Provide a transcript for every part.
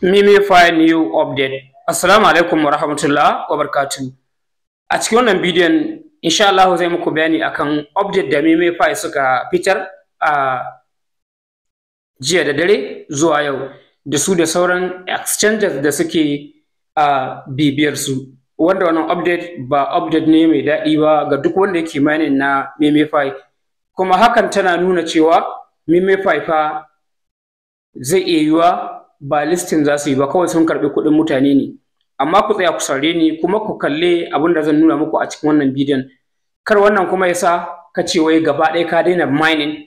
Mimi Fire New Update. Assalamu alaikum wa wabarakatuh. A cikin wannan bidiyon insha Allah zai muku bayani akan update da Mimi Fire suka fitar a jiya da dare zuwa yau da su da sauran exchanges da suke a bibiyar su. Wanda wannan update ba update ne mai daɗi ba ga duk wanda yake mining na Mimi Fire. Kuma hakan tana nuna cewa Mimi Fire fa zai iya yiwa ba listin za su yi ba kawai sun karɓi kuɗin mutane ne amma ku tsaya ku sare ni kuma ku kalle abin da zan nuna muku a cikin wannan bidiyon kar wannan kuma yasa ka ce wai gaba ɗaya ka daina mining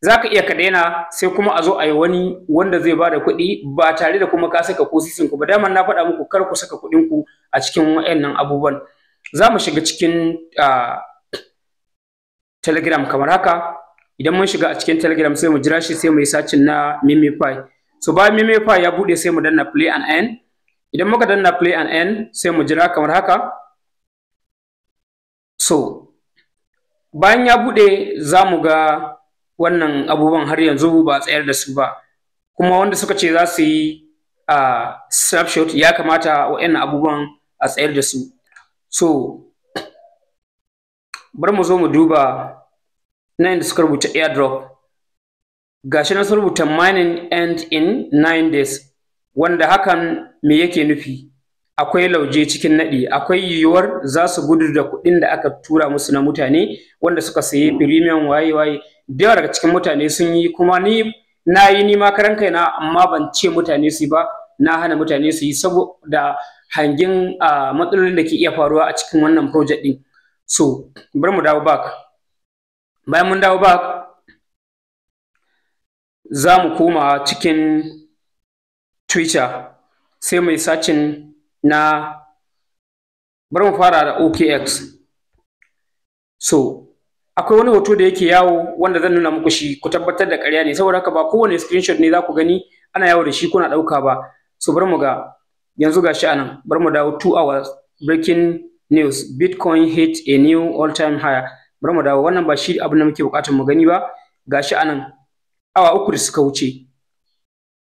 za ka iya ka daina sai kuma a zo a yi wani wanda zai ba da kuɗi ba tare da kuma ka saka ko ku ba dama na faɗa muku kar ku saka kuɗin ku a cikin wa'annan abubuwan za mu shiga cikin telegram kamar haka idan mun shiga a cikin telegram sai mu jira shi sai mu yi sacin na mimipai so bayan fa ya bude sai mu danna play and end idan muka danna play and end sai mu jira kamar haka so bayan ya bude za mu ga wannan abubuwan har yanzu ba tsayar da su ba kuma wanda suka ce za su yi a snapshot ya kamata wa'annan abubuwan a tsayar da su so bari mu zo mu duba nan da suka rubuta airdrop gashi na rubuta mining end in nine days wanda hakan me yake nufi akwai lauje cikin naɗi akwai yiwuwar za su gudu da kuɗin da aka tura musu na mutane wanda suka sayi premium waye waye da yawa daga cikin mutane sun yi kuma ni na yi ni ma kaina amma ban ce mutane su ba na hana mutane su yi saboda hangin matsalolin da ke iya faruwa a cikin wannan project din so bari mu dawo back bayan mun dawo back za mu koma cikin twitter sai mai sacin na bari mu fara da okx so akwai wani hoto da yake yawo wanda zan nuna muku shi ku tabbatar da ƙarya ne saboda haka ba kowane screenshot ne za ku gani ana yawo da shi kuna ɗauka ba so bari mu ga yanzu ga shi anan bari mu dawo 2 hours breaking news bitcoin hit a new all time high bari mu dawo wannan ba shi abin da muke buƙatar mu gani ba ga shi anan awa uku da suka wuce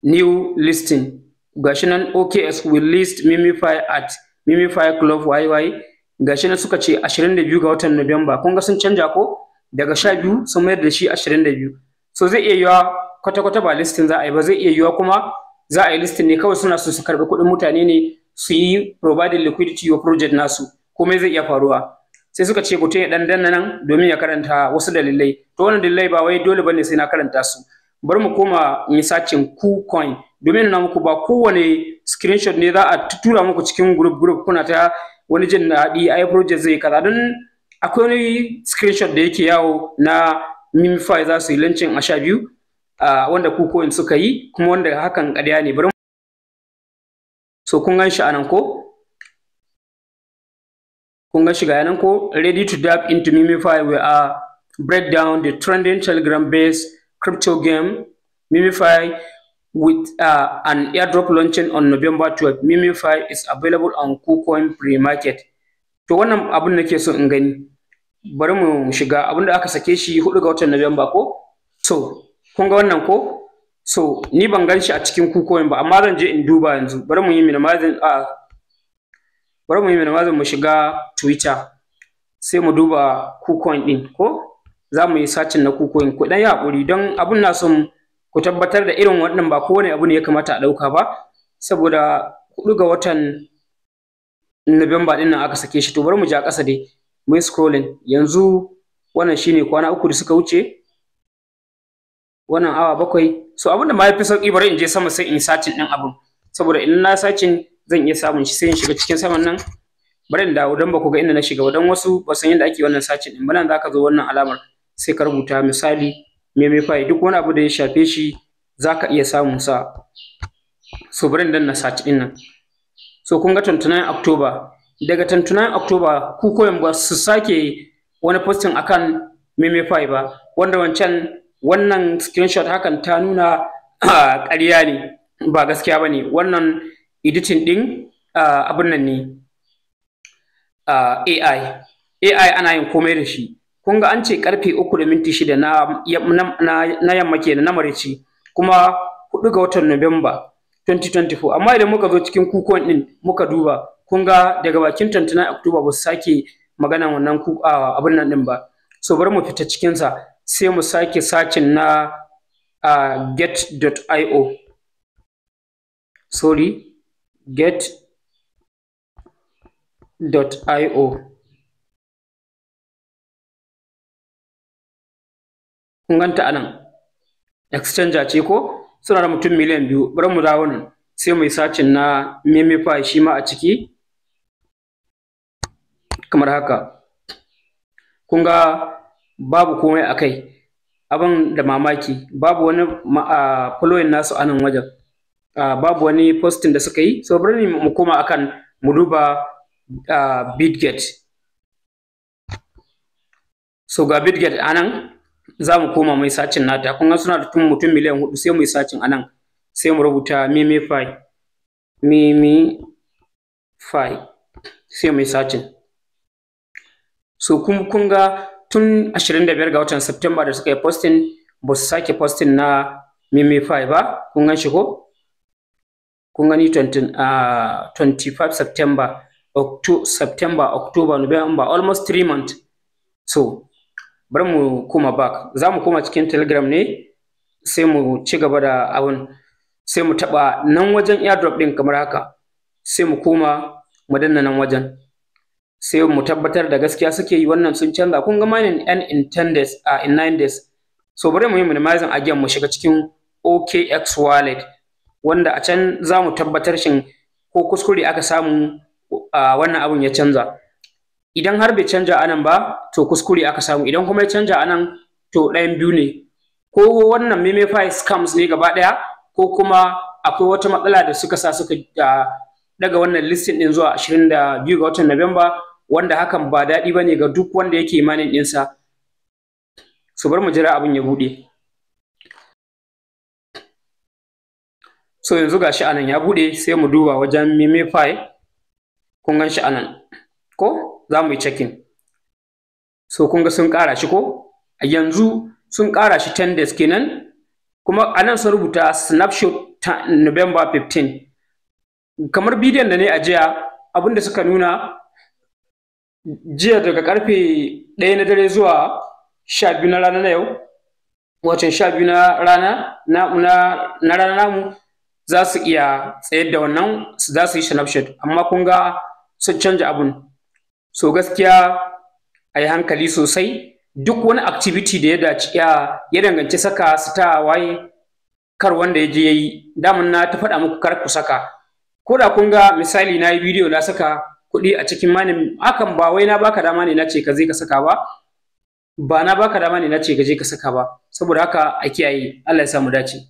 new listing gashi nan OKS will list Mimify at Mimify Club YY gashi nan suka ce 22 ga watan Nuwamba kun ga sun canja ko daga 12 sun mayar da shi 22 so zai iya yiwa kwata-kwata ba listing za a yi ba zai iya yiwa kuma za a yi listing ne kawai suna so su karɓi kuɗin mutane ne su yi providing liquidity wa project nasu komai zai iya faruwa sai suka ce mutum ya dan danna nan domin ya karanta wasu dalilai to wannan dalilai ba wai dole bane sai na karanta su bari mu koma ku coin domin na muku ba kowane screenshot ne za a tura muku cikin group group kuna ta wani jin daɗi ai project zai kaza don akwai wani screenshot da yake yawo na Mimify za su yi lancin a sha biyu wanda ku coin suka yi kuma wanda hakan ƙarya ne bari so kun gan anan ko kun ga shiga yanan ko ready to dab into mimify we are break down the trending telegram based crypto game mimify with uh, an airdrop launching on November 12. Mimify is available on KuCoin pre-market. To wannan abin da nake so in gani. Bari mu shiga abin da aka sake shi hudu ga watan November ko? So, kun ga wannan ko? So, ni ban gan shi a cikin KuCoin ba, amma zan je in duba yanzu. Bari mu yi minimizing a uh, bari mu yi minimizing mu shiga twitter sai mu duba kucoin din ko za mu yi sacin na kucoin ku dan yi hakuri don abun na son ku tabbatar da irin wannan ba kowane abu ne ya kamata a ɗauka ba saboda kuɗu ga watan Nuwamba din nan aka sake shi to bari mu ja ƙasa dai mu yi scrolling yanzu wannan shine kwana uku da suka wuce wannan awa bakwai so abin da ma sauki bari in je sama sai in sacin din abin saboda in na sacin zan iya samun shi sai in shiga cikin saman nan bari in dawo don ba ku ga inda na shiga ba don wasu ba san yadda ake wannan sacin din bana zaka ka zo wannan alamar sai ka rubuta misali me fai duk wani abu da ya shafe shi za iya samun sa so bari in danna saci din nan so kun ga 29 october daga 29 october ku koyan ba su sake wani posting akan fai ba wanda wancan wannan screenshot hakan ta nuna ah, ƙarya ne ba gaskiya ba ne wannan editing ɗin uh, ah, abin nan ne AI ah, AI ana yin komai da shi kun ga an ce karfe uku da minti shida na, na, na, yamma ke na marici kuma hudu ga watan Nuwamba 2024 amma idan muka zo cikin kukon ɗin muka duba kun ga daga bakin 29 Oktoba ba su sake maganan wannan uh, ah, abin nan din ba so bari mu fita cikinsa sai mu sake sacin na uh, get.io sorry Get.io kun ganta anan exchange ce ko suna da mutum miliyan biyu bari mu dawo nan sai mu yi sacin na memify shi ma a ciki kamar haka kun ga babu komai a kai abin da mamaki babu wani following nasu a nan wajen Ah, babu wani posting da suka yi so bari mu koma akan mu duba ah, bitget so ga bitget anan za mu koma mai sacin nata kun ga suna da tun mutum miliyan hudu sai mu yi sacin anan sai mu rubuta mimi fai mimi fai sai mu yi sacin so kun kun ga tun 25 ga watan September da suka yi posting ba su sake posting na mimi fai ba kun gan shi ko kun gani 25 ah, September Octo September October November almost 3 months so bari mu koma back za mu koma cikin telegram ne sai mu ci gaba da abun sai mu taba nan wajen airdrop din kamar haka sai mu koma mu danna nan wajen sai mu tabbatar da gaskiya suke yi wannan sun canza kun ga mining n in 10 days a ah, in 9 days so bari mu yi minimizing again mu shiga cikin OKX wallet wanda a can za mu tabbatar shin ko kuskure aka samu a wannan abun ya canza idan har bai canja anan ba to kuskure aka samu idan kuma ya canja anan to ɗayan biyu ne ko wannan memify scams ne gaba ɗaya ko kuma akwai wata matsala da suka sa suka daga wannan listin ɗin zuwa 22 ga watan Nuwamba wanda hakan ba daɗi ba ne ga duk wanda yake imanin ɗinsa su bar mu jira abin ya buɗe. so yanzu gashi anan ya bude sai mu duba wajen mimify kun ganshi shi anan ko za mu yi checking so kun ga sun ƙara shi ko a yanzu sun ƙara shi 10 days kenan kuma anan sun rubuta snapshot November 15 kamar bidiyon da ne a jiya abinda suka nuna jiya daga karfe 1 na dare zuwa sha biyu na rana na yau wacin sha biyu na rana na, na, na rana namu za su iya tsayar da wannan za su yi snapshot amma kun ga sun canja abun so gaskiya a yi hankali sosai duk wani activity da ya dace ya danganci saka ta waye kar wanda ya je ya yi damun na ta faɗa muku kar ku saka ko da kun ga misali na yi bidiyo na saka kuɗi a cikin manin hakan ba wai na baka dama ne na ce ka je ka saka ba ba na baka dama ne na ce ka je ka saka ba saboda haka a kiyaye Allah ya samu dace